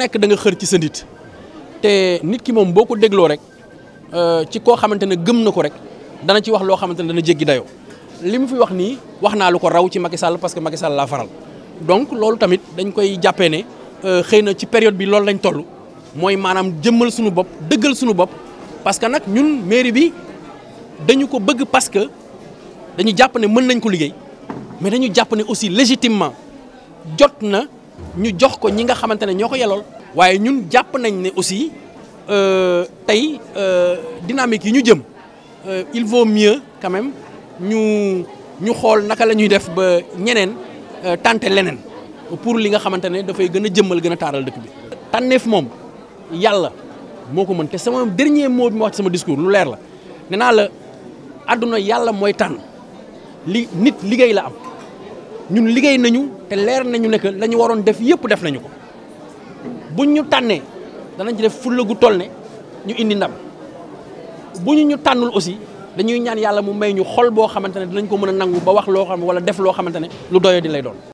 nekk da nga xër ci sa nit te nit ki moom boo ko dégloo rek euh, ci koo xamante ne gëm na ko rek dana ci wax loo xamante ne dana jéggi dayoo li mu fi wax nii wax naa lu ko raw ci Macky Sall parce que Macky laa faral donc loolu tamit dañ koy jàppee ne euh, xëy na ci période bi loolu lañ toll mooy maanaam jëmmal suñu bopp dëggal suñu bopp parce que nag ñun mairie bi dañu ko bëgg parce que dañu jàpp ne mën nañ ko liggéey mais dañu jàpp ne aussi légitimement jot na ñu jox ko ñi nga xamante ne ñoo ko yelool waaye ñun jàpp nañ ne aussi euh, tey euh, dynamique yi ñu jëm euh, il vaut mieux quand ñu ñu xool naka la ñuy def ba ñeneen tànte leneen pour li nga xamante ne dafay gën a jëmmal gën a taaral dëkk bi. tànneef moom yàlla moo ko mën te sama dernier moo bi ma wax ci sama discours lu leer la nee la àdduna yàlla mooy tànn li nit liggéey la am. ñun liggéey nañu te leer nañu ne que la waroon def yëpp def nañu ko bu ñu tànnee danañ ci def fulla gu toll ne ñu indi ndam bu ñu ñu tànnul aussi dañuy ñaan yàlla mu may ñu xol boo xamante ne dinañ ko mën a nangu ba wax loo xam wala def loo xamante ne lu doyoo di lay doon.